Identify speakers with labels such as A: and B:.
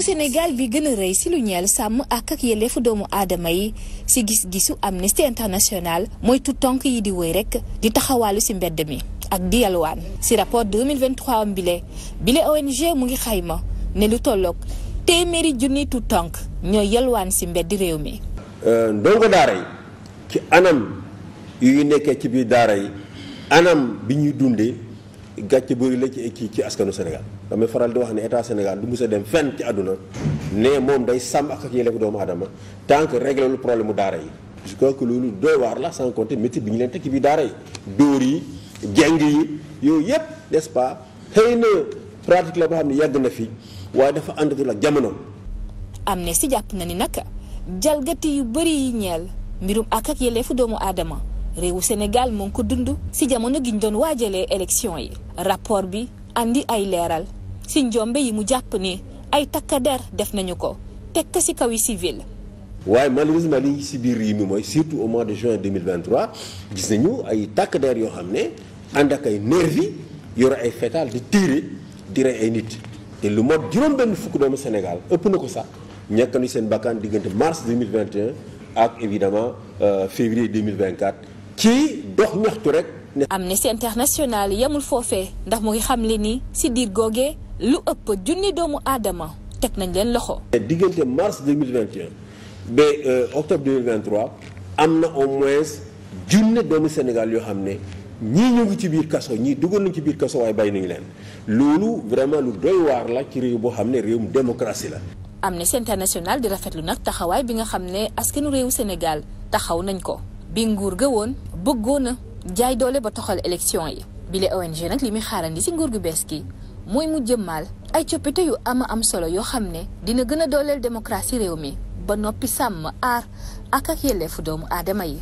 A: Sénégal bi gën a rëy si sàmm ak ak doomu aadama yi si gis-gisu Amnesty International mooy tu tonk yi di wëy rek di taxawaalu si mbedd mi ak di yalwaan si rapport 2023 bile bile ONG mu ngi xayma ne lu tolloog téeméeri junni tu tonk ñoo yalwaan si mbedd réew mi.
B: Euh, ndongo daara yi ci anam yu nekkee ci biir daara yi anam bi ñuy dundee. gàcce bëri la ci ci ci askanu Sénégal damay faral di wax ne état Sénégal du mës a dem fenn ci àdduna ne moom day sàmm ak ak yelleefu doomu aadama tant que réglé lu problème mu daara yi. je crois que loolu doy waar la sans compter métier yi dóor yi jeng yi yooyu yëpp n'est-ce pas xëy na pratique la boo xam ne yàgg na fi waaye dafa àndatul ak jamono.
A: am ne si jàpp na ni nag jalgati yu bëri yi ñeel mbirum ak ak yelleefu doomu aadama. réewu Sénégal moo ngi ko dund ci jamono gi ñu doon waajalee élection yi rapport bi andi ay leeral si njombe yi mu jàpp ni ay takka der def nañu ko ko ci kaw yi civil
B: waaye malheureusement li ci biir yi mi mooy surtout au mois de juin 2023 gis nañu ay takk der yoo xam ne ànd ak ay nervi yore ay fetal di tiire di rey ay nit te lu mot juróom benn fukk doomu Sénégal ëpp na ko sax ñàkk nañu seen bakkan diggante mars 2021 ak évidemment euh, février 2024 ci dox ñaxtu rek.
A: Amnesty International yemul foofee ndax mu ngi xam li ni si diir googee lu ëpp junni doomu aadama teg nañ leen loxo.
B: diggante mars 2021 ba euh, octobre 2023 am na au moins junni doomu Sénégal yoo xam ne ñii ñu ngi ci biir kaso ñii duggoon nañ ci biir kaso waaye bàyyi nañu leen loolu vraiment lu doy waar la ci réew boo xam ne réewum démocratie
A: la. Amnesty International di rafetlu nag taxawaay bi nga xam ne askanu réewu Sénégal taxaw nañ ko bi nguur ga woon bëggoon na jaay doole ba toxal élection yi bile ONG nag li muy xaaral xaarandi si nguur gu bees gi mooy mu jëmmaal ay coppite yu am am solo yoo xam ne dina gën a dooleel démocratie réew mi ba noppi sàmm aar ak ak yelleefu doomu aadama yi